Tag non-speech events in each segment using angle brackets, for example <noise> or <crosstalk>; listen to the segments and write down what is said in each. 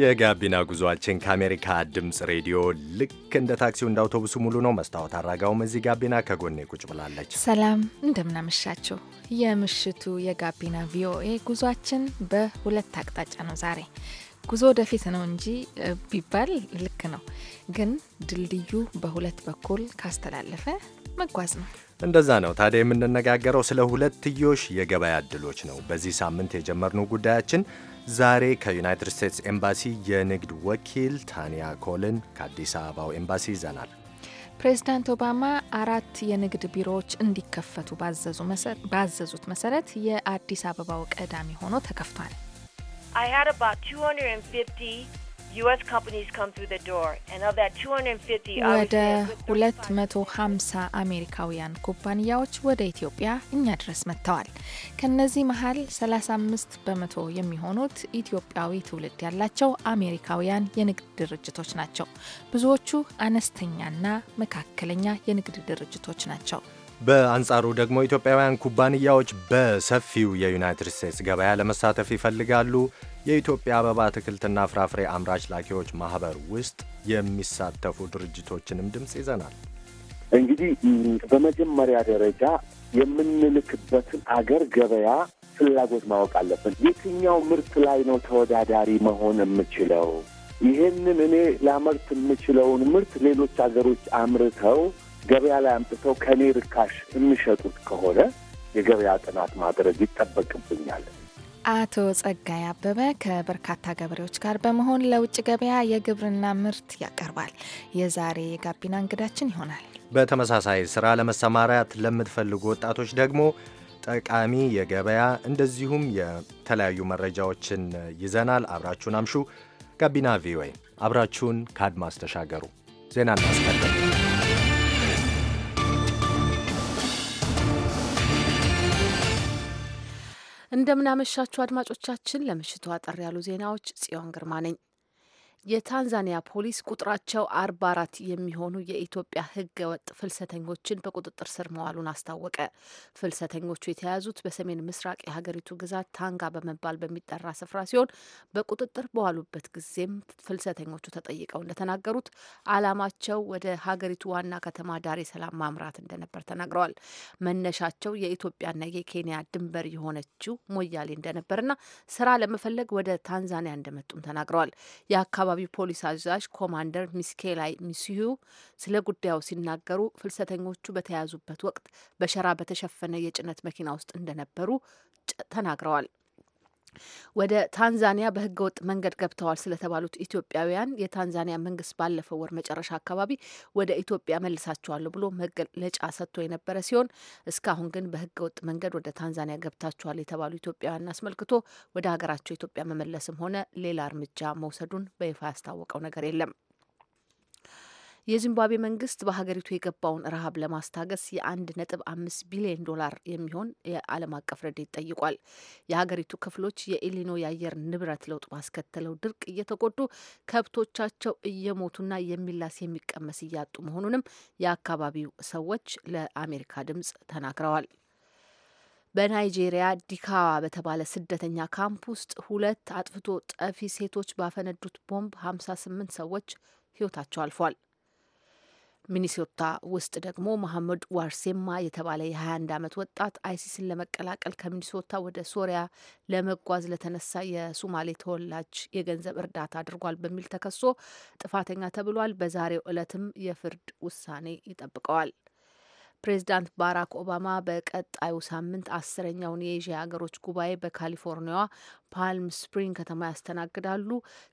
የጋቢና ጉዟችን ከአሜሪካ ድምፅ ሬዲዮ ልክ እንደ ታክሲው እንደ አውቶቡሱ ሙሉ ነው። መስታወት አራጋውም እዚህ ጋቢና ከጎኔ ቁጭ ብላለች። ሰላም እንደምናመሻችሁ። የምሽቱ የጋቢና ቪኦኤ ጉዟችን በሁለት አቅጣጫ ነው። ዛሬ ጉዞ ወደፊት ነው እንጂ ቢባል ልክ ነው፣ ግን ድልድዩ በሁለት በኩል ካስተላለፈ መጓዝ ነው። እንደዛ ነው። ታዲያ የምንነጋገረው ስለ ሁለትዮሽ የገበያ እድሎች ነው። በዚህ ሳምንት የጀመርነው ጉዳያችን ዛሬ ከዩናይትድ ስቴትስ ኤምባሲ የንግድ ወኪል ታንያ ኮልን ከአዲስ አበባው ኤምባሲ ይዘናል። ፕሬዚዳንት ኦባማ አራት የንግድ ቢሮዎች እንዲከፈቱ ባዘዙት መሰረት የአዲስ አበባው ቀዳሚ ሆኖ ተከፍቷል። ወደ 250 አሜሪካውያን ኩባንያዎች ወደ ኢትዮጵያ እኛ ድረስ መጥተዋል። ከነዚህ መሀል 35 በመቶ የሚሆኑት ኢትዮጵያዊ ትውልድ ያላቸው አሜሪካውያን የንግድ ድርጅቶች ናቸው። ብዙዎቹ አነስተኛና መካከለኛ የንግድ ድርጅቶች ናቸው። በአንጻሩ ደግሞ ኢትዮጵያውያን ኩባንያዎች በሰፊው የዩናይትድ ስቴትስ ገበያ ለመሳተፍ ይፈልጋሉ። የኢትዮጵያ አበባ አትክልትና ፍራፍሬ አምራች ላኪዎች ማህበር ውስጥ የሚሳተፉ ድርጅቶችንም ድምፅ ይዘናል። እንግዲህ በመጀመሪያ ደረጃ የምንልክበትን አገር ገበያ ፍላጎት ማወቅ አለብን። የትኛው ምርት ላይ ነው ተወዳዳሪ መሆን የምችለው? ይህንን እኔ ላመርት የምችለውን ምርት ሌሎች አገሮች አምርተው ገበያ ላይ አምጥተው ከእኔ ርካሽ የሚሸጡት ከሆነ የገበያ ጥናት ማድረግ ይጠበቅብኛል። አቶ ጸጋይ አበበ ከበርካታ ገበሬዎች ጋር በመሆን ለውጭ ገበያ የግብርና ምርት ያቀርባል። የዛሬ የጋቢና እንግዳችን ይሆናል። በተመሳሳይ ስራ ለመሰማራት ለምትፈልጉ ወጣቶች ደግሞ ጠቃሚ የገበያ እንደዚሁም የተለያዩ መረጃዎችን ይዘናል። አብራችሁን አምሹ። ጋቢና ቪኦኤ አብራችሁን ከአድማስ ተሻገሩ። ዜና እናስቀድም። እንደምናመሻችሁ አድማጮቻችን፣ ለምሽቱ አጠር ያሉ ዜናዎች ጽዮን ግርማ ነኝ። የታንዛኒያ ፖሊስ ቁጥራቸው አርባ አራት የሚሆኑ የኢትዮጵያ ህገወጥ ፍልሰተኞችን በቁጥጥር ስር መዋሉን አስታወቀ። ፍልሰተኞቹ የተያዙት በሰሜን ምስራቅ የሀገሪቱ ግዛት ታንጋ በመባል በሚጠራ ስፍራ ሲሆን በቁጥጥር በዋሉበት ጊዜም ፍልሰተኞቹ ተጠይቀው እንደተናገሩት ዓላማቸው ወደ ሀገሪቱ ዋና ከተማ ዳሬ ሰላም ማምራት እንደነበር ተናግረዋል። መነሻቸው የኢትዮጵያና የኬንያ ድንበር የሆነችው ሞያሌ እንደነበርና ስራ ለመፈለግ ወደ ታንዛኒያ እንደመጡም ተናግረዋል። የአካባቢ የአካባቢው ፖሊስ አዛዥ ኮማንደር ሚስኬላይ ሚስዩ ስለ ጉዳዩ ሲናገሩ ፍልሰተኞቹ በተያዙበት ወቅት በሸራ በተሸፈነ የጭነት መኪና ውስጥ እንደነበሩ ተናግረዋል። ወደ ታንዛኒያ በህገወጥ መንገድ ገብተዋል ስለተባሉት ኢትዮጵያውያን የታንዛኒያ መንግስት ባለፈው ወር መጨረሻ አካባቢ ወደ ኢትዮጵያ መልሳቸዋለሁ ብሎ መግለጫ ሰጥቶ የነበረ ሲሆን እስካሁን ግን በህገወጥ መንገድ ወደ ታንዛኒያ ገብታቸዋል የተባሉ ኢትዮጵያውያን አስመልክቶ ወደ ሀገራቸው ኢትዮጵያ መመለስም ሆነ ሌላ እርምጃ መውሰዱን በይፋ ያስታወቀው ነገር የለም። የዚምባብዌ መንግስት በሀገሪቱ የገባውን ረሃብ ለማስታገስ የአንድ ነጥብ አምስት ቢሊዮን ዶላር የሚሆን የዓለም አቀፍ ረድኤት ጠይቋል። የሀገሪቱ ክፍሎች የኢሊኖ የአየር ንብረት ለውጥ ባስከተለው ድርቅ እየተጎዱ ከብቶቻቸው እየሞቱና የሚላስ የሚቀመስ እያጡ መሆኑንም የአካባቢው ሰዎች ለአሜሪካ ድምጽ ተናግረዋል። በናይጄሪያ ዲካዋ በተባለ ስደተኛ ካምፕ ውስጥ ሁለት አጥፍቶ ጠፊ ሴቶች ባፈነዱት ቦምብ ሀምሳ ስምንት ሰዎች ህይወታቸው አልፏል። ሚኒሶታ ውስጥ ደግሞ መሐመድ ዋርሴማ የተባለ የ21 ዓመት ወጣት አይሲስን ለመቀላቀል ከሚኒሶታ ወደ ሶሪያ ለመጓዝ ለተነሳ የሱማሌ ተወላጅ የገንዘብ እርዳታ አድርጓል በሚል ተከሶ ጥፋተኛ ተብሏል። በዛሬው ዕለትም የፍርድ ውሳኔ ይጠብቀዋል። ፕሬዚዳንት ባራክ ኦባማ በቀጣዩ ሳምንት አስረኛውን የኤዥያ ሀገሮች ጉባኤ በካሊፎርኒያዋ ፓልም ስፕሪንግ ከተማ ያስተናግዳሉ።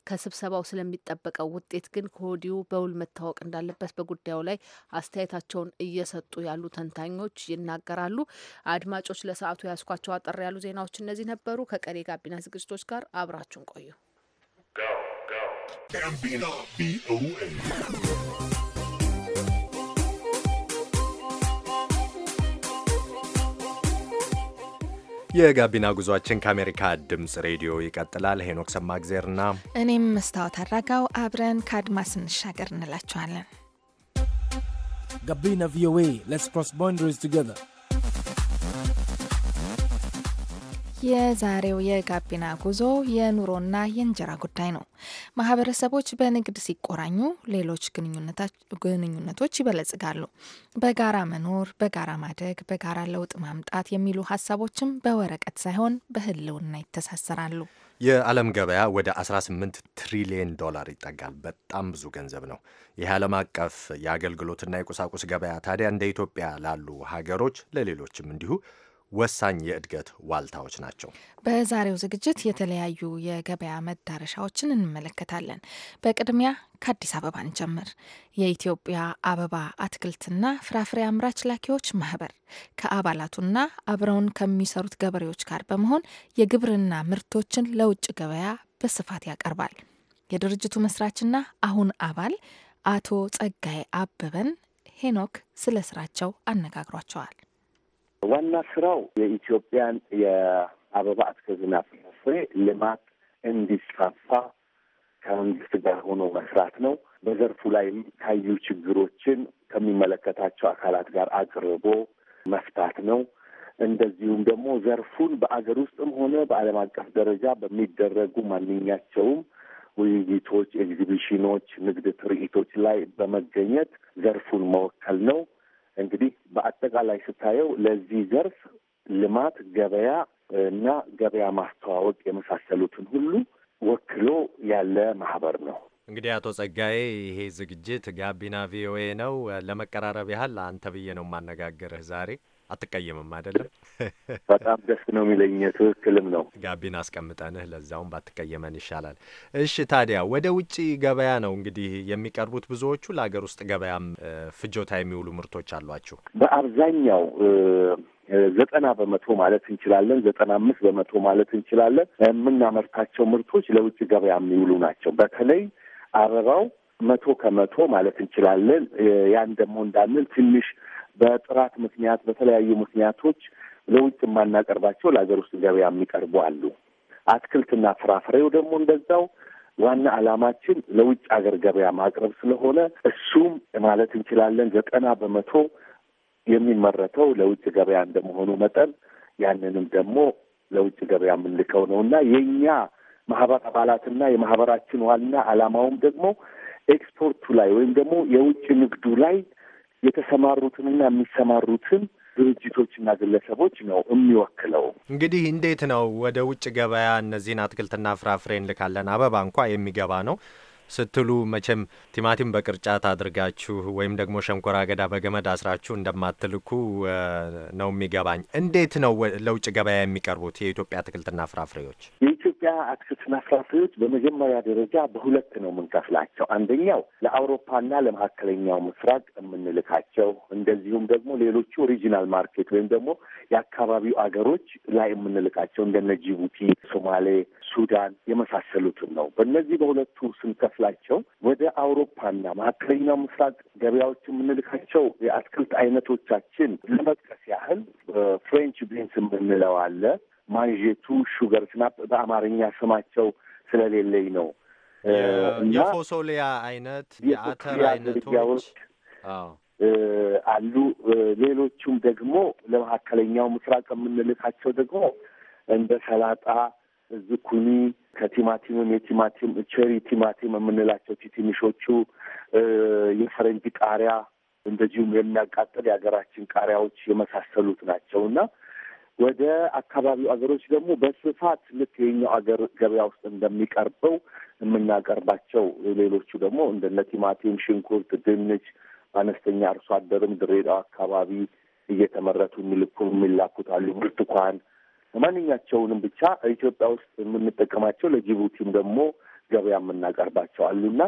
ከስብሰባው ስለሚጠበቀው ውጤት ግን ከወዲሁ በውል መታወቅ እንዳለበት በጉዳዩ ላይ አስተያየታቸውን እየሰጡ ያሉ ተንታኞች ይናገራሉ። አድማጮች፣ ለሰዓቱ ያስኳቸው አጠር ያሉ ዜናዎች እነዚህ ነበሩ። ከቀሪ ጋቢና ዝግጅቶች ጋር አብራችሁን ቆዩ። የጋቢና ጉዟችን ከአሜሪካ ድምፅ ሬዲዮ ይቀጥላል። ሄኖክ ሰማግዜርና እኔም መስታወት አድራጋው አብረን ከአድማስ እንሻገር እንላችኋለን። ጋቢና ቪኦኤ ሌትስ ክሮስ ባውንደሪስ ቱጌዘር የዛሬው የጋቢና ጉዞ የኑሮና የእንጀራ ጉዳይ ነው። ማህበረሰቦች በንግድ ሲቆራኙ ሌሎች ግንኙነቶች ይበለጽጋሉ። በጋራ መኖር፣ በጋራ ማደግ፣ በጋራ ለውጥ ማምጣት የሚሉ ሀሳቦችም በወረቀት ሳይሆን በህልውና ይተሳሰራሉ። የዓለም ገበያ ወደ 18 ትሪሊየን ዶላር ይጠጋል። በጣም ብዙ ገንዘብ ነው። ይህ ዓለም አቀፍ የአገልግሎትና የቁሳቁስ ገበያ ታዲያ እንደ ኢትዮጵያ ላሉ ሀገሮች ለሌሎችም እንዲሁ ወሳኝ የእድገት ዋልታዎች ናቸው። በዛሬው ዝግጅት የተለያዩ የገበያ መዳረሻዎችን እንመለከታለን። በቅድሚያ ከአዲስ አበባ እንጀምር። የኢትዮጵያ አበባ አትክልትና ፍራፍሬ አምራች ላኪዎች ማህበር ከአባላቱና አብረውን ከሚሰሩት ገበሬዎች ጋር በመሆን የግብርና ምርቶችን ለውጭ ገበያ በስፋት ያቀርባል። የድርጅቱ መስራችና አሁን አባል አቶ ጸጋይ አበበን ሄኖክ ስለ ስራቸው አነጋግሯቸዋል። ዋና ስራው የኢትዮጵያን የአበባ አትክልትና ፍራፍሬ ልማት እንዲስፋፋ ከመንግስት ጋር ሆኖ መስራት ነው። በዘርፉ ላይ የሚታዩ ችግሮችን ከሚመለከታቸው አካላት ጋር አቅርቦ መፍታት ነው። እንደዚሁም ደግሞ ዘርፉን በአገር ውስጥም ሆነ በዓለም አቀፍ ደረጃ በሚደረጉ ማንኛቸውም ውይይቶች፣ ኤግዚቢሽኖች፣ ንግድ ትርኢቶች ላይ በመገኘት ዘርፉን መወከል ነው። እንግዲህ በአጠቃላይ ስታየው ለዚህ ዘርፍ ልማት፣ ገበያ እና ገበያ ማስተዋወቅ የመሳሰሉትን ሁሉ ወክሎ ያለ ማህበር ነው። እንግዲህ አቶ ጸጋዬ ይሄ ዝግጅት ጋቢና ቪኦኤ ነው። ለመቀራረብ ያህል አንተ ብዬ ነው የማነጋገርህ ዛሬ አትቀየምም አይደለም? በጣም ደስ ነው የሚለኝ። ትክክልም ነው። ጋቢን አስቀምጠንህ ለዛውም ባትቀየመን ይሻላል። እሺ፣ ታዲያ ወደ ውጭ ገበያ ነው እንግዲህ የሚቀርቡት ብዙዎቹ። ለሀገር ውስጥ ገበያም ፍጆታ የሚውሉ ምርቶች አሏችሁ በአብዛኛው ዘጠና በመቶ ማለት እንችላለን፣ ዘጠና አምስት በመቶ ማለት እንችላለን። የምናመርታቸው ምርቶች ለውጭ ገበያ የሚውሉ ናቸው። በተለይ አበባው መቶ ከመቶ ማለት እንችላለን። ያን ደግሞ እንዳንል ትንሽ በጥራት ምክንያት በተለያዩ ምክንያቶች ለውጭ የማናቀርባቸው ለሀገር ውስጥ ገበያ የሚቀርቡ አሉ። አትክልትና ፍራፍሬው ደግሞ እንደዛው ዋና ዓላማችን ለውጭ ሀገር ገበያ ማቅረብ ስለሆነ እሱም ማለት እንችላለን ዘጠና በመቶ የሚመረተው ለውጭ ገበያ እንደመሆኑ መጠን ያንንም ደግሞ ለውጭ ገበያ የምንልከው ነው እና የእኛ ማህበር አባላትና የማህበራችን ዋና ዓላማውም ደግሞ ኤክስፖርቱ ላይ ወይም ደግሞ የውጭ ንግዱ ላይ የተሰማሩትንና የሚሰማሩትን ድርጅቶችና ግለሰቦች ነው የሚወክለው። እንግዲህ እንዴት ነው ወደ ውጭ ገበያ እነዚህን አትክልትና ፍራፍሬ እንልካለን፣ አበባ እንኳ የሚገባ ነው ስትሉ መቼም ቲማቲም በቅርጫት አድርጋችሁ ወይም ደግሞ ሸንኮራ አገዳ በገመድ አስራችሁ እንደማትልኩ ነው የሚገባኝ። እንዴት ነው ለውጭ ገበያ የሚቀርቡት የኢትዮጵያ አትክልትና ፍራፍሬዎች? የኢትዮጵያ አትክልትና ፍራፍሬዎች በመጀመሪያ ደረጃ በሁለት ነው የምንከፍላቸው። አንደኛው ለአውሮፓና ለመካከለኛው ምስራቅ የምንልካቸው እንደዚሁም ደግሞ ሌሎቹ ኦሪጂናል ማርኬት ወይም ደግሞ የአካባቢው አገሮች ላይ የምንልካቸው እንደነ ጅቡቲ፣ ሶማሌ፣ ሱዳን የመሳሰሉትን ነው። በእነዚህ በሁለቱ ስንከፍላቸው ወደ አውሮፓና መካከለኛው ምስራቅ ገበያዎች የምንልካቸው የአትክልት አይነቶቻችን ለመጥቀስ ያህል ፍሬንች ቢንስ የምንለው አለ። ማንዤቱ ሹገር ስናፕ በአማርኛ ስማቸው ስለሌለኝ ነው። የፎሶሊያ አይነት የአተር አይነቶች አሉ። ሌሎቹም ደግሞ ለመካከለኛው ምስራቅ የምንልካቸው ደግሞ እንደ ሰላጣ፣ ዝኩኒ ከቲማቲምም የቲማቲም ቸሪ ቲማቲም የምንላቸው ትንሾቹ የፈረንጅ ቃሪያ እንደዚሁም የሚያቃጥል የሀገራችን ቃሪያዎች የመሳሰሉት ናቸው እና ወደ አካባቢው አገሮች ደግሞ በስፋት ልክ የኛው አገር ገበያ ውስጥ እንደሚቀርበው የምናቀርባቸው ሌሎቹ ደግሞ እንደነ ቲማቲም፣ ሽንኩርት፣ ድንች አነስተኛ አርሶ አደርም ድሬዳው አካባቢ እየተመረቱ የሚልኩ የሚላኩት አሉ። ብርቱካን፣ ማንኛቸውንም ብቻ ኢትዮጵያ ውስጥ የምንጠቀማቸው ለጅቡቲም ደግሞ ገበያ የምናቀርባቸው አሉና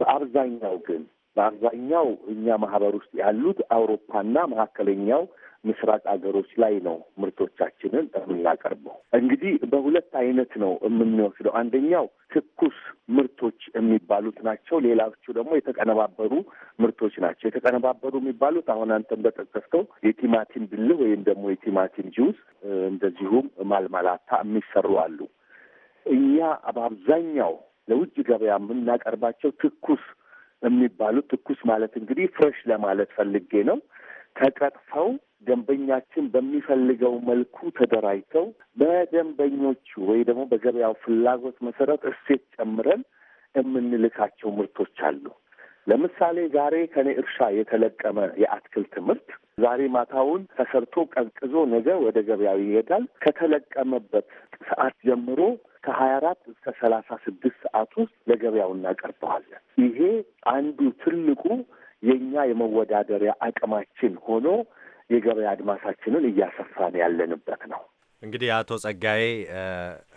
በአብዛኛው ግን በአብዛኛው እኛ ማህበር ውስጥ ያሉት አውሮፓና መካከለኛው ምስራቅ ሀገሮች ላይ ነው ምርቶቻችንን የምናቀርበው። እንግዲህ በሁለት አይነት ነው የምንወስደው። አንደኛው ትኩስ ምርቶች የሚባሉት ናቸው። ሌላዎቹ ደግሞ የተቀነባበሩ ምርቶች ናቸው። የተቀነባበሩ የሚባሉት አሁን አንተ እንደጠቀስከው የቲማቲም ብልህ ወይም ደግሞ የቲማቲም ጁስ፣ እንደዚሁም ማልማላታ የሚሰሩ አሉ። እኛ በአብዛኛው ለውጭ ገበያ የምናቀርባቸው ትኩስ የሚባሉት ትኩስ ማለት እንግዲህ ፍሬሽ ለማለት ፈልጌ ነው። ተቀጥፈው ደንበኛችን በሚፈልገው መልኩ ተደራጅተው በደንበኞቹ ወይ ደግሞ በገበያው ፍላጎት መሰረት እሴት ጨምረን የምንልካቸው ምርቶች አሉ። ለምሳሌ ዛሬ ከኔ እርሻ የተለቀመ የአትክልት ምርት ዛሬ ማታውን ተሰርቶ ቀዝቅዞ ነገ ወደ ገበያው ይሄዳል። ከተለቀመበት ሰዓት ጀምሮ ሀያ አራት እስከ ሰላሳ ስድስት ሰዓት ውስጥ ለገበያው እናቀርበዋለን። ይሄ አንዱ ትልቁ የእኛ የመወዳደሪያ አቅማችን ሆኖ የገበያ አድማሳችንን እያሰፋን ያለንበት ነው። እንግዲህ አቶ ጸጋዬ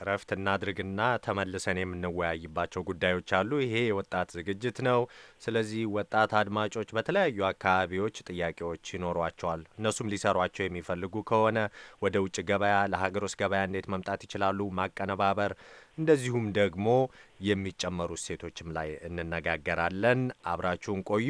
እረፍት እናድርግና ተመልሰን የምንወያይባቸው ጉዳዮች አሉ። ይሄ የወጣት ዝግጅት ነው። ስለዚህ ወጣት አድማጮች በተለያዩ አካባቢዎች ጥያቄዎች ይኖሯቸዋል። እነሱም ሊሰሯቸው የሚፈልጉ ከሆነ ወደ ውጭ ገበያ፣ ለሀገር ውስጥ ገበያ እንዴት መምጣት ይችላሉ? ማቀነባበር፣ እንደዚሁም ደግሞ የሚጨመሩ እሴቶችም ላይ እንነጋገራለን። አብራችሁን ቆዩ።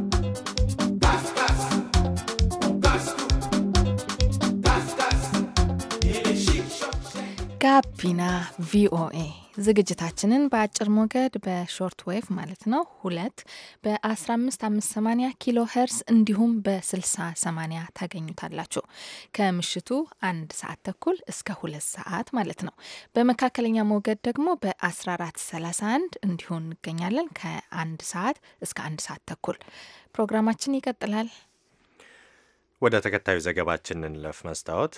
ጋቢና ቪኦኤ ዝግጅታችንን በአጭር ሞገድ በሾርት ዌቭ ማለት ነው ሁለት በ1558 ኪሎ ሄርስ እንዲሁም በ6080 ታገኙታላችሁ። ከምሽቱ አንድ ሰዓት ተኩል እስከ ሁለት ሰዓት ማለት ነው። በመካከለኛ ሞገድ ደግሞ በ1431 እንዲሁን እንገኛለን ከአንድ ሰዓት እስከ አንድ ሰዓት ተኩል ፕሮግራማችን ይቀጥላል። ወደ ተከታዩ ዘገባችን እንለፍ መስታወት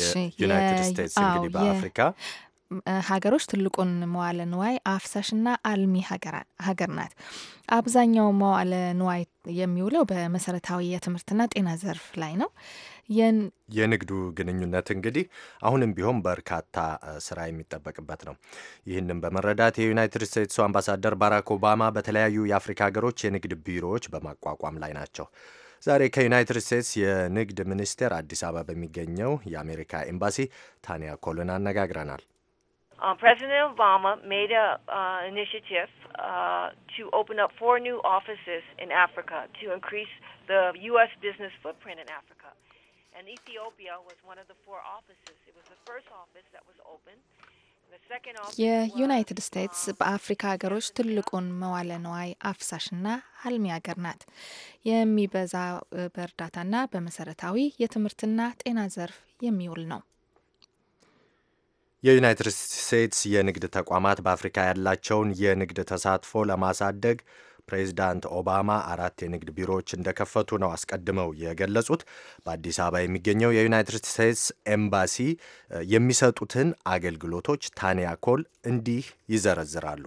የዩናይትድ ስቴትስ እንግዲህ በአፍሪካ ሀገሮች ትልቁን መዋለ ንዋይ አፍሳሽና አልሚ ሀገር ናት። አብዛኛው መዋለ ንዋይ የሚውለው በመሰረታዊ የትምህርትና ጤና ዘርፍ ላይ ነው። የንግዱ ግንኙነት እንግዲህ አሁንም ቢሆን በርካታ ስራ የሚጠበቅበት ነው። ይህንም በመረዳት የዩናይትድ ስቴትሱ አምባሳደር ባራክ ኦባማ በተለያዩ የአፍሪካ ሀገሮች የንግድ ቢሮዎች በማቋቋም ላይ ናቸው። ዛሬ ከዩናይትድ ስቴትስ የንግድ ሚኒስቴር አዲስ አበባ በሚገኘው የአሜሪካ ኤምባሲ ታንያ ኮልን አነጋግረናል። ፕሬዚደንት ኦባማ ሜድ ኢኒሽቲቭ ቱ ኦፕን አፕ ፎር ኒው ኦፊስስ ኢን አፍሪካ ቱ ኢንክሪዝ ዩ ኤስ ቢዝነስ ፉትፕሪንት ኢን አፍሪካ And Ethiopia was one of the four offices. It was the first office that was open. የዩናይትድ ስቴትስ በአፍሪካ ሀገሮች ትልቁን መዋለ ነዋይ አፍሳሽና አልሚ ሀገር ናት። የሚበዛ በእርዳታና በመሰረታዊ የትምህርትና ጤና ዘርፍ የሚውል ነው። የዩናይትድ ስቴትስ የንግድ ተቋማት በአፍሪካ ያላቸውን የንግድ ተሳትፎ ለማሳደግ ፕሬዚዳንት ኦባማ አራት የንግድ ቢሮዎች እንደከፈቱ ነው አስቀድመው የገለጹት። በአዲስ አበባ የሚገኘው የዩናይትድ ስቴትስ ኤምባሲ የሚሰጡትን አገልግሎቶች ታንያ ኮል እንዲህ ይዘረዝራሉ።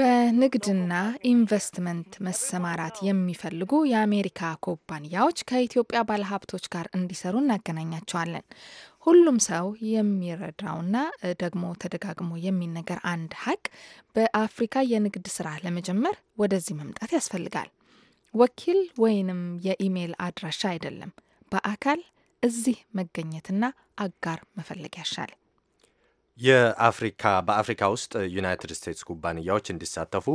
በንግድና ኢንቨስትመንት መሰማራት የሚፈልጉ የአሜሪካ ኩባንያዎች ከኢትዮጵያ ባለሀብቶች ጋር እንዲሰሩ እናገናኛቸዋለን። ሁሉም ሰው የሚረዳውና ደግሞ ተደጋግሞ የሚነገር አንድ ሀቅ በአፍሪካ የንግድ ስራ ለመጀመር ወደዚህ መምጣት ያስፈልጋል። ወኪል ወይንም የኢሜይል አድራሻ አይደለም፣ በአካል እዚህ መገኘትና አጋር መፈለግ ያሻል። የአፍሪካ በአፍሪካ ውስጥ ዩናይትድ ስቴትስ ኩባንያዎች እንዲሳተፉ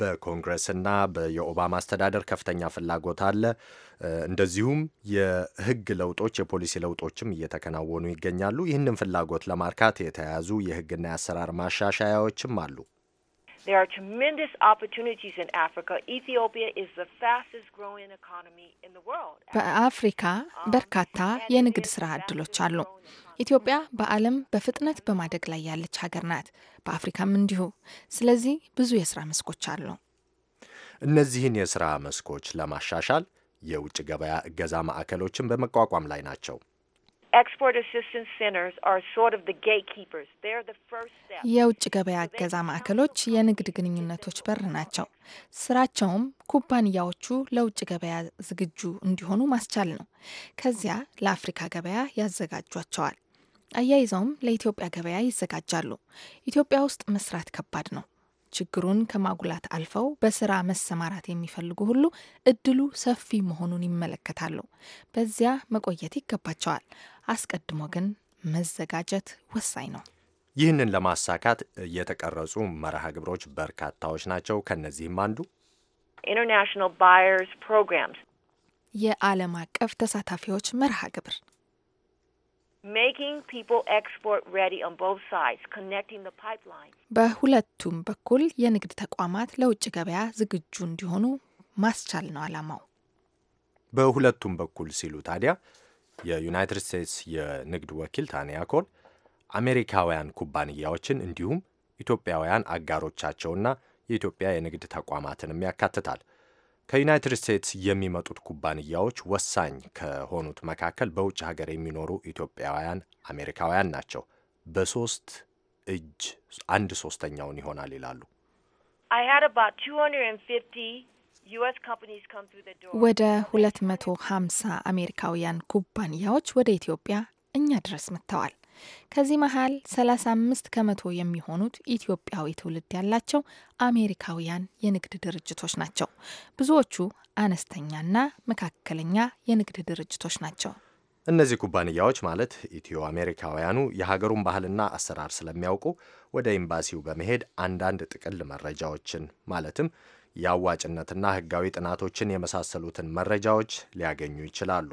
በኮንግረስና የኦባማ አስተዳደር ከፍተኛ ፍላጎት አለ። እንደዚሁም የህግ ለውጦች፣ የፖሊሲ ለውጦችም እየተከናወኑ ይገኛሉ። ይህንን ፍላጎት ለማርካት የተያያዙ የህግና የአሰራር ማሻሻያዎችም አሉ። በአፍሪካ በርካታ የንግድ ስራ እድሎች አሉ። ኢትዮጵያ በዓለም በፍጥነት በማደግ ላይ ያለች ሀገር ናት። በአፍሪካም እንዲሁ። ስለዚህ ብዙ የስራ መስኮች አሉ። እነዚህን የስራ መስኮች ለማሻሻል የውጭ ገበያ እገዛ ማዕከሎችን በመቋቋም ላይ ናቸው። የውጭ ገበያ እገዛ ማዕከሎች የንግድ ግንኙነቶች በር ናቸው። ስራቸውም ኩባንያዎቹ ለውጭ ገበያ ዝግጁ እንዲሆኑ ማስቻል ነው። ከዚያ ለአፍሪካ ገበያ ያዘጋጇቸዋል። አያይዘውም ለኢትዮጵያ ገበያ ይዘጋጃሉ። ኢትዮጵያ ውስጥ መስራት ከባድ ነው። ችግሩን ከማጉላት አልፈው በስራ መሰማራት የሚፈልጉ ሁሉ እድሉ ሰፊ መሆኑን ይመለከታሉ። በዚያ መቆየት ይገባቸዋል። አስቀድሞ ግን መዘጋጀት ወሳኝ ነው። ይህንን ለማሳካት የተቀረጹ መርሃ ግብሮች በርካታዎች ናቸው። ከነዚህም አንዱ ኢንተርናሽናል ባየርስ ፕሮግራምስ የዓለም አቀፍ ተሳታፊዎች መርሃ ግብር making people export ready on both sides, connecting the pipeline. በሁለቱም በኩል የንግድ ተቋማት ለውጭ ገበያ ዝግጁ እንዲሆኑ ማስቻል ነው ዓላማው። በሁለቱም በኩል ሲሉ ታዲያ የዩናይትድ ስቴትስ የንግድ ወኪል ታንያ ኮል አሜሪካውያን ኩባንያዎችን እንዲሁም ኢትዮጵያውያን አጋሮቻቸውና የኢትዮጵያ የንግድ ተቋማትንም ያካትታል። ከዩናይትድ ስቴትስ የሚመጡት ኩባንያዎች ወሳኝ ከሆኑት መካከል በውጭ ሀገር የሚኖሩ ኢትዮጵያውያን አሜሪካውያን ናቸው። በሶስት እጅ አንድ ሶስተኛውን ይሆናል ይላሉ። ወደ 250 አሜሪካውያን ኩባንያዎች ወደ ኢትዮጵያ እኛ ድረስ መጥተዋል። ከዚህ መሀል 35 ከመቶ የሚሆኑት ኢትዮጵያዊ ትውልድ ያላቸው አሜሪካውያን የንግድ ድርጅቶች ናቸው። ብዙዎቹ አነስተኛና መካከለኛ የንግድ ድርጅቶች ናቸው። እነዚህ ኩባንያዎች ማለት ኢትዮ አሜሪካውያኑ የሀገሩን ባህልና አሰራር ስለሚያውቁ ወደ ኤምባሲው በመሄድ አንዳንድ ጥቅል መረጃዎችን ማለትም የአዋጭነትና ሕጋዊ ጥናቶችን የመሳሰሉትን መረጃዎች ሊያገኙ ይችላሉ።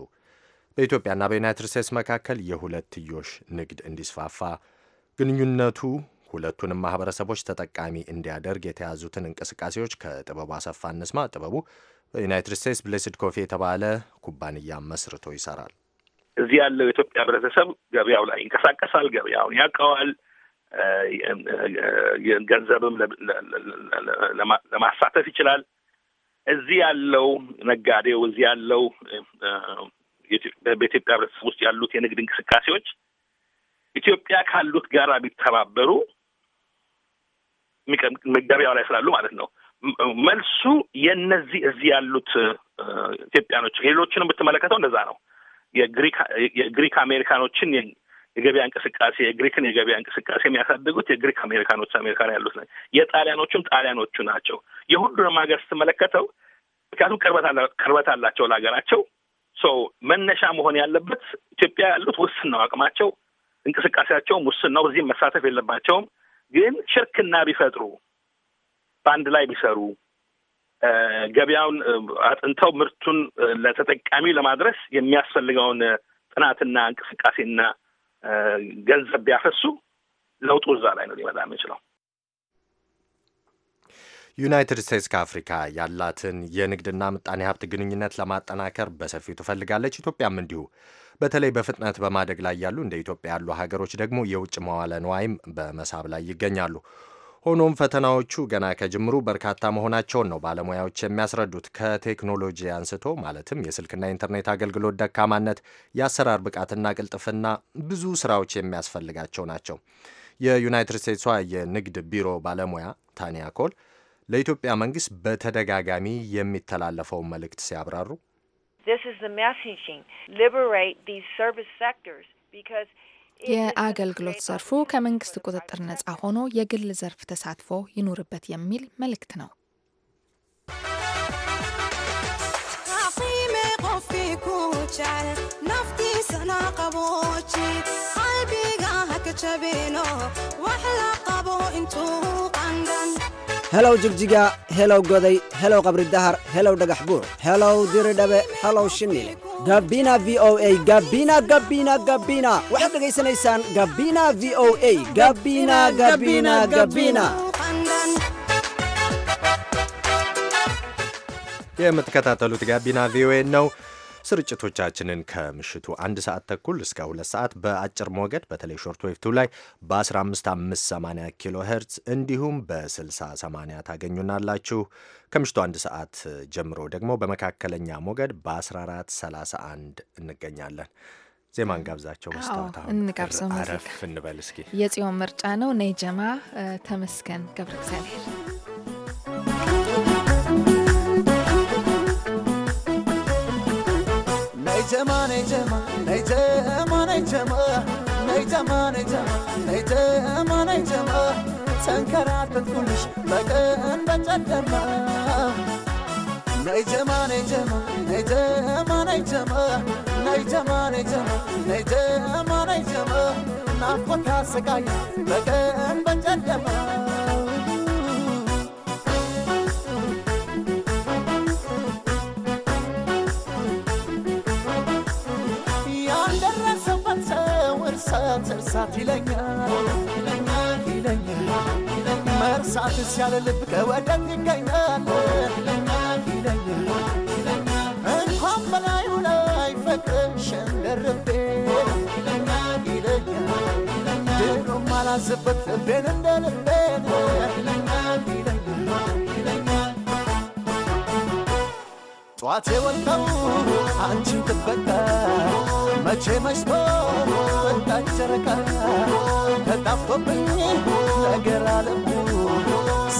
በኢትዮጵያና በዩናይትድ ስቴትስ መካከል የሁለትዮሽ ንግድ እንዲስፋፋ ግንኙነቱ ሁለቱንም ማህበረሰቦች ተጠቃሚ እንዲያደርግ የተያዙትን እንቅስቃሴዎች ከጥበቡ አሰፋ እንስማ። ጥበቡ በዩናይትድ ስቴትስ ብሌስድ ኮፊ የተባለ ኩባንያ መስርቶ ይሰራል። እዚህ ያለው የኢትዮጵያ ህብረተሰብ ገበያው ላይ ይንቀሳቀሳል፣ ገበያውን ያውቀዋል። ገንዘብም ለማሳተፍ ይችላል። እዚህ ያለው ነጋዴው፣ እዚህ ያለው በኢትዮጵያ ህብረተሰብ ውስጥ ያሉት የንግድ እንቅስቃሴዎች ኢትዮጵያ ካሉት ጋር ቢተባበሩ መገበያው ላይ ስላሉ ማለት ነው። መልሱ የነዚህ እዚህ ያሉት ኢትዮጵያኖች ሌሎችን የምትመለከተው እንደዛ ነው። የግሪክ አሜሪካኖችን የገበያ እንቅስቃሴ የግሪክን የገበያ እንቅስቃሴ የሚያሳድጉት የግሪክ አሜሪካኖች አሜሪካን ያሉት ነው። የጣሊያኖቹም ጣሊያኖቹ ናቸው። የሁሉንም ሀገር ስትመለከተው ምክንያቱም ቅርበት አላቸው ለሀገራቸው መነሻ መሆን ያለበት ኢትዮጵያ ያሉት ውስን ነው አቅማቸው፣ እንቅስቃሴያቸውም ውስን ነው። በዚህም መሳተፍ የለባቸውም። ግን ሽርክና ቢፈጥሩ በአንድ ላይ ቢሰሩ ገበያውን አጥንተው ምርቱን ለተጠቃሚ ለማድረስ የሚያስፈልገውን ጥናትና እንቅስቃሴና ገንዘብ ቢያፈሱ ለውጡ እዛ ላይ ነው ሊመጣ የሚችለው። ዩናይትድ ስቴትስ ከአፍሪካ ያላትን የንግድና ምጣኔ ሀብት ግንኙነት ለማጠናከር በሰፊው ትፈልጋለች። ኢትዮጵያም እንዲሁ። በተለይ በፍጥነት በማደግ ላይ ያሉ እንደ ኢትዮጵያ ያሉ ሀገሮች ደግሞ የውጭ መዋለ ንዋይም በመሳብ ላይ ይገኛሉ። ሆኖም ፈተናዎቹ ገና ከጅምሩ በርካታ መሆናቸውን ነው ባለሙያዎች የሚያስረዱት። ከቴክኖሎጂ አንስቶ ማለትም የስልክና ኢንተርኔት አገልግሎት ደካማነት፣ የአሰራር ብቃትና ቅልጥፍና ብዙ ስራዎች የሚያስፈልጋቸው ናቸው። የዩናይትድ ስቴትሷ የንግድ ቢሮ ባለሙያ ታኒያ ኮል ለኢትዮጵያ መንግስት በተደጋጋሚ የሚተላለፈውን መልእክት ሲያብራሩ የአገልግሎት ዘርፉ ከመንግስት ቁጥጥር ነጻ ሆኖ የግል ዘርፍ ተሳትፎ ይኑርበት የሚል መልእክት ነው። helow jigjiga helow goday helow qabri dahar helow dhagax buur helow diridhabe helow shimil gabina v o a gabina gabina gabina waxaad dhegaysanaysaan gabina v o a gabina gabina gabina የምትከታተሉት ጋቢና ቪኦኤ ነው። ስርጭቶቻችንን ከምሽቱ አንድ ሰዓት ተኩል እስከ ሁለት ሰዓት በአጭር ሞገድ በተለይ ሾርት ዌቭ ቱ ላይ በ 1580 ኪሎ ሄርትስ እንዲሁም በ6080 ታገኙናላችሁ። ከምሽቱ አንድ ሰዓት ጀምሮ ደግሞ በመካከለኛ ሞገድ በ1431 እንገኛለን። ዜማን ጋብዛቸው መስታወት እንጋብዘው፣ አረፍ እንበል እስኪ። የጽዮን ምርጫ ነው። ነይ ጀማ ተመስገን ገብረ እግዚአብሔር ነይተማ ነይተማ ነይተማ ነይተማ ነይተማ ነይተማ ነይተማ ነይተማ ተንከራተትኩልሽ በቀን በጨለማ ነይተማ ነይተማ ነይተማ ነይተማ ነይተማ ነይተማ ነይተማ ነይተማ ናፍቆት አሰቃየ በቀን በጨለማ ይለኛል ይለኛል መርሳትስ ያለ ልብ ከወደት ይገኛል ይለኛል እንኳን በላዩ ላይ ፍቅርም ሸንደርቤ ይለኛል ድሮም አላዝበት ልቤን እንደ ልቤን ጧት የወጣው አንቺን ጥበቃ መቼ መሽቶ ወጣች ጨረቃ ተጣፍቶብኝ ነገር አለሙ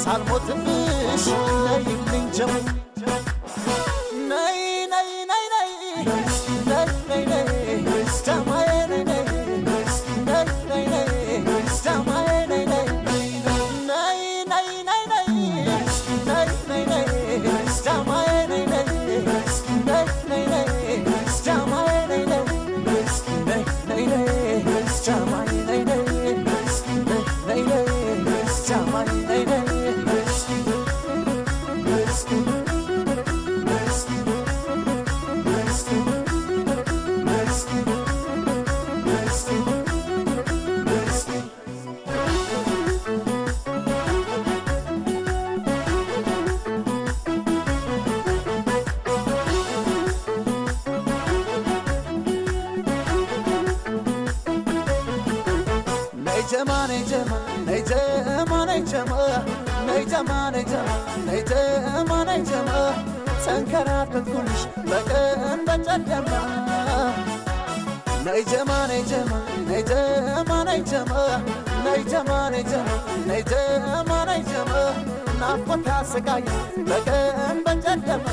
ሳልሞትብሽ ነይልኝ ጀሙ ናይተማናይተማ ተንከራተትኩልሽ በቀን በጨለማ ናይተማ ናይተማ ናይተማ ናይተማ ናይተማ ናይተማ ናይተማ ናይተማ ናፍቆት በቀን በጨለማ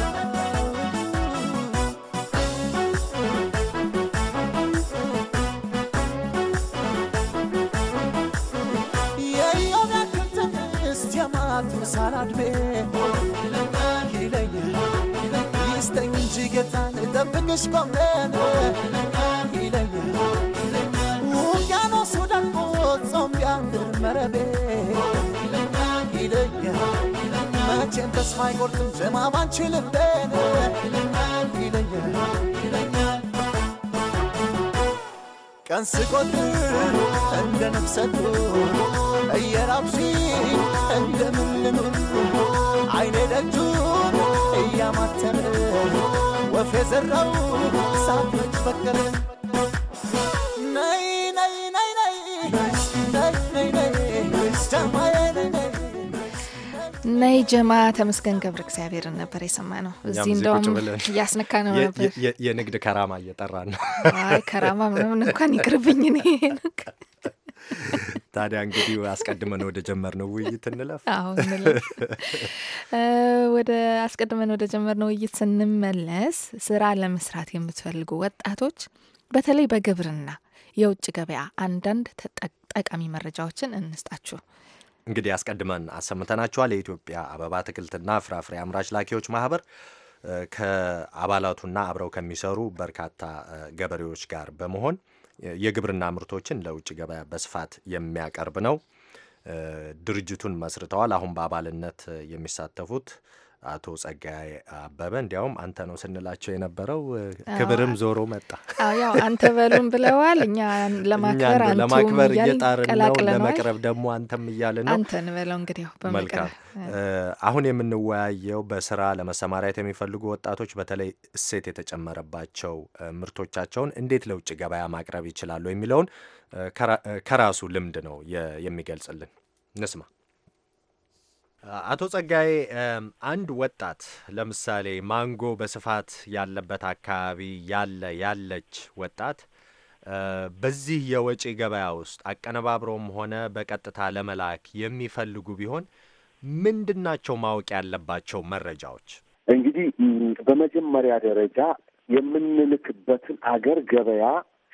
ሳላድሜ ይለኛል ይስጠኝ እንጂ ጌታን ጠብቅሽ ቆሜን ይለኛል ውቅያኖስ ወዳልቆ ጾም ቢያንድር መረቤ ይለኛል መቼም ተስፋ አይቆርጥም ጀማ ባንቺ ልቤን ይለኛል ቀን ስቆጥር እንደ ነፍሰ ጡር እየራብሲ እንደምን አይኔ ደጁን ወፍ የዘራው ሳመች በቀለ ነይ ጀማ ተመስገን ገብረ እግዚአብሔርን ነበር የሰማ ነው። እዚህ እንደውም እያስነካ ነው ነበር የንግድ ከራማ እየጠራ ነው። አይ ከራማ ምንም እንኳን ይቅርብኝ ነ ታዲያ እንግዲህ አስቀድመን ወደ ጀመርነው ውይይት እንለፍ። አሁን እንለፍ <laughs> ወደ አስቀድመን ወደ ነው ውይይት ስንመለስ ስራ ለመስራት የምትፈልጉ ወጣቶች በተለይ በግብርና የውጭ ገበያ አንዳንድ ጠቃሚ መረጃዎችን እንስጣችሁ። እንግዲህ አስቀድመን አሰምተናችኋል። የኢትዮጵያ አበባ አትክልትና ፍራፍሬ አምራች ላኪዎች ማህበር ከአባላቱና አብረው ከሚሰሩ በርካታ ገበሬዎች ጋር በመሆን የግብርና ምርቶችን ለውጭ ገበያ በስፋት የሚያቀርብ ነው። ድርጅቱን መስርተዋል። አሁን በአባልነት የሚሳተፉት አቶ ጸጋዬ አበበ እንዲያውም አንተ ነው ስንላቸው የነበረው። ክብርም ዞሮ መጣ። ያው አንተ በሉም ብለዋል። እኛ ለማክበር ለማክበር እየጣርን ነው፣ ለመቅረብ ደግሞ አንተም እያልን ነው። አንተን በለው እንግዲህ። መልካም። አሁን የምንወያየው በስራ ለመሰማሪያት የሚፈልጉ ወጣቶች በተለይ እሴት የተጨመረባቸው ምርቶቻቸውን እንዴት ለውጭ ገበያ ማቅረብ ይችላሉ የሚለውን ከራሱ ልምድ ነው የሚገልጽልን። እንስማ። አቶ ጸጋዬ አንድ ወጣት ለምሳሌ ማንጎ በስፋት ያለበት አካባቢ ያለ ያለች ወጣት በዚህ የወጪ ገበያ ውስጥ አቀነባብሮም ሆነ በቀጥታ ለመላክ የሚፈልጉ ቢሆን ምንድን ናቸው ማወቅ ያለባቸው መረጃዎች? እንግዲህ በመጀመሪያ ደረጃ የምንልክበትን አገር ገበያ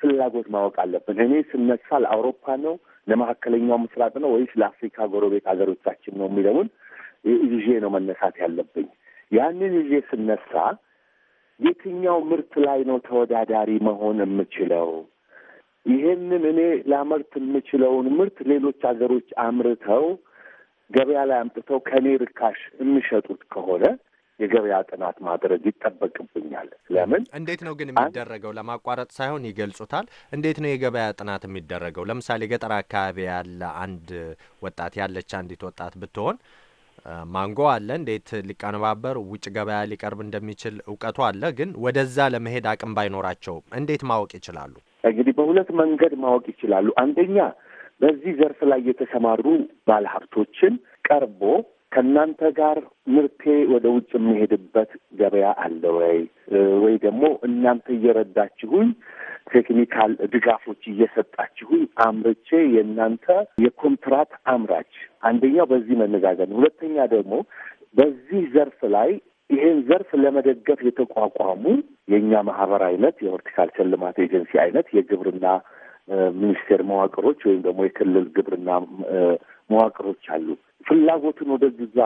ፍላጎት ማወቅ አለብን። እኔ ስነሳል አውሮፓ ነው ለመካከለኛው ምስራቅ ነው ወይስ ለአፍሪካ ጎረቤት ሀገሮቻችን ነው የሚለውን ይዤ ነው መነሳት ያለብኝ። ያንን ይዤ ስነሳ የትኛው ምርት ላይ ነው ተወዳዳሪ መሆን የምችለው? ይሄንን እኔ ላመርት የምችለውን ምርት ሌሎች ሀገሮች አምርተው ገበያ ላይ አምጥተው ከእኔ ርካሽ የሚሸጡት ከሆነ የገበያ ጥናት ማድረግ ይጠበቅብኛል። ለምን እንዴት ነው ግን የሚደረገው? ለማቋረጥ ሳይሆን ይገልጹታል። እንዴት ነው የገበያ ጥናት የሚደረገው? ለምሳሌ ገጠር አካባቢ ያለ አንድ ወጣት ያለች አንዲት ወጣት ብትሆን ማንጎ አለ፣ እንዴት ሊቀነባበር ውጭ ገበያ ሊቀርብ እንደሚችል እውቀቱ አለ። ግን ወደዛ ለመሄድ አቅም ባይኖራቸውም እንዴት ማወቅ ይችላሉ? እንግዲህ በሁለት መንገድ ማወቅ ይችላሉ። አንደኛ በዚህ ዘርፍ ላይ የተሰማሩ ባለሀብቶችን ቀርቦ ከእናንተ ጋር ምርቴ ወደ ውጭ የሚሄድበት ገበያ አለ ወይ? ወይ ደግሞ እናንተ እየረዳችሁኝ ቴክኒካል ድጋፎች እየሰጣችሁኝ አምርቼ የእናንተ የኮንትራት አምራች አንደኛው በዚህ መነጋገር ነው። ሁለተኛ ደግሞ በዚህ ዘርፍ ላይ ይህን ዘርፍ ለመደገፍ የተቋቋሙ የእኛ ማህበር አይነት የሆርቲካልቸር ልማት ኤጀንሲ አይነት የግብርና ሚኒስቴር መዋቅሮች ወይም ደግሞ የክልል ግብርና መዋቅሮች አሉ። ፍላጎትን ወደዛ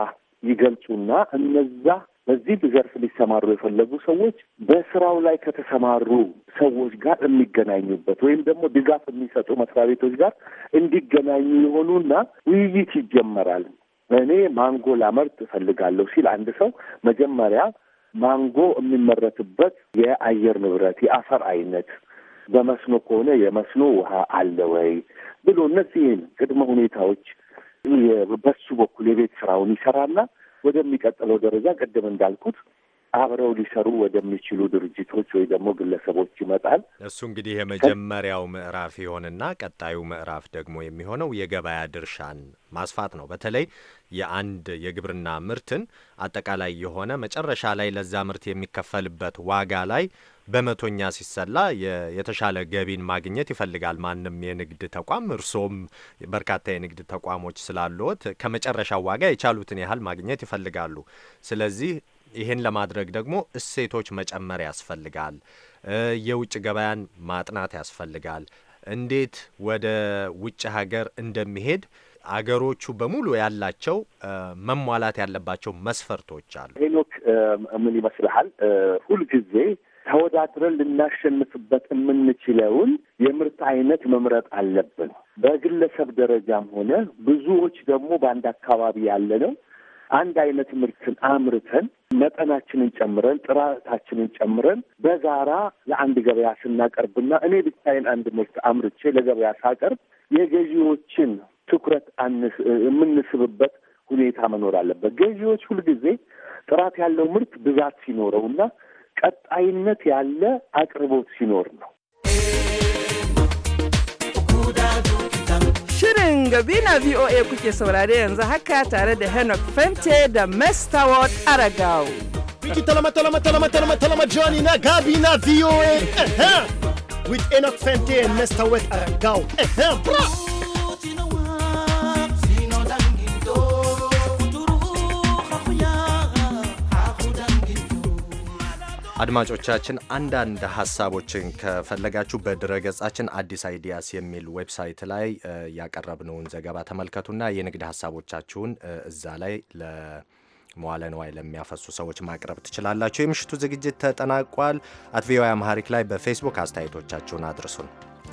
ይገልጹና እነዛ በዚህ ዘርፍ ሊሰማሩ የፈለጉ ሰዎች በስራው ላይ ከተሰማሩ ሰዎች ጋር የሚገናኙበት ወይም ደግሞ ድጋፍ የሚሰጡ መስሪያ ቤቶች ጋር እንዲገናኙ የሆኑና ውይይት ይጀመራል። እኔ ማንጎ ላመርት እፈልጋለሁ ሲል አንድ ሰው መጀመሪያ ማንጎ የሚመረትበት የአየር ንብረት፣ የአፈር አይነት በመስኖ ከሆነ የመስኖ ውሃ አለ ወይ ብሎ እነዚህን ቅድመ ሁኔታዎች በሱ በኩል የቤት ስራውን ይሰራና ወደሚቀጥለው ደረጃ ቅድም እንዳልኩት አብረው ሊሰሩ ወደሚችሉ ድርጅቶች ወይ ደግሞ ግለሰቦች ይመጣል። እሱ እንግዲህ የመጀመሪያው ምዕራፍ ይሆንና ቀጣዩ ምዕራፍ ደግሞ የሚሆነው የገበያ ድርሻን ማስፋት ነው። በተለይ የአንድ የግብርና ምርትን አጠቃላይ የሆነ መጨረሻ ላይ ለዛ ምርት የሚከፈልበት ዋጋ ላይ በመቶኛ ሲሰላ የተሻለ ገቢን ማግኘት ይፈልጋል ማንም የንግድ ተቋም። እርሶም በርካታ የንግድ ተቋሞች ስላሉት ከመጨረሻው ዋጋ የቻሉትን ያህል ማግኘት ይፈልጋሉ። ስለዚህ ይሄን ለማድረግ ደግሞ እሴቶች መጨመር ያስፈልጋል። የውጭ ገበያን ማጥናት ያስፈልጋል። እንዴት ወደ ውጭ ሀገር እንደሚሄድ አገሮቹ በሙሉ ያላቸው መሟላት ያለባቸው መስፈርቶች አሉ። ሄኖክ ምን ይመስልሃል? ሁልጊዜ ተወዳድረን ልናሸንፍበት የምንችለውን የምርት አይነት መምረጥ አለብን። በግለሰብ ደረጃም ሆነ ብዙዎች ደግሞ በአንድ አካባቢ ያለ ነው አንድ አይነት ምርትን አምርተን መጠናችንን ጨምረን ጥራታችንን ጨምረን በጋራ ለአንድ ገበያ ስናቀርብና እኔ ብቻዬን አንድ ምርት አምርቼ ለገበያ ሳቀርብ የገዢዎችን ትኩረት የምንስብበት ሁኔታ መኖር አለበት። ገዢዎች ሁልጊዜ ጥራት ያለው ምርት ብዛት እና ቀጣይነት ያለ አቅርቦት ሲኖር ነው። Shirin na VOA kuke saurare yanzu haka tare da Henok Fente da Mr. Ward Aragao. Wiki talama talama talama talama talama Johnny na gabi na VOA. With henok Fente and Mr. Ward Aragao. Bra! አድማጮቻችን አንዳንድ ሀሳቦችን ከፈለጋችሁ በድረገጻችን አዲስ አይዲያስ የሚል ዌብሳይት ላይ ያቀረብነውን ዘገባ ተመልከቱና የንግድ ሀሳቦቻችሁን እዛ ላይ ለመዋለ ንዋይ ለሚያፈሱ ሰዎች ማቅረብ ትችላላችሁ። የምሽቱ ዝግጅት ተጠናቋል። አት ቪኦኤ አማሪክ ላይ በፌስቡክ አስተያየቶቻችሁን አድርሱን።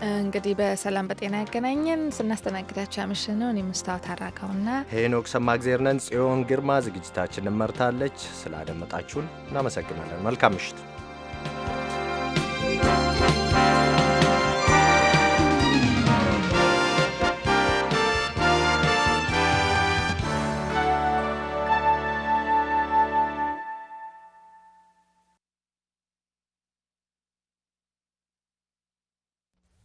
እንግዲህ በሰላም በጤና ያገናኘን። ስናስተናግዳቸው ያመሸነው እኔ መስታወት አራጋውና ሄኖክ ሰማ እግዜር ነን። ጽዮን ግርማ ዝግጅታችን መርታለች። ስላደመጣችሁን እናመሰግናለን። መልካም ምሽት።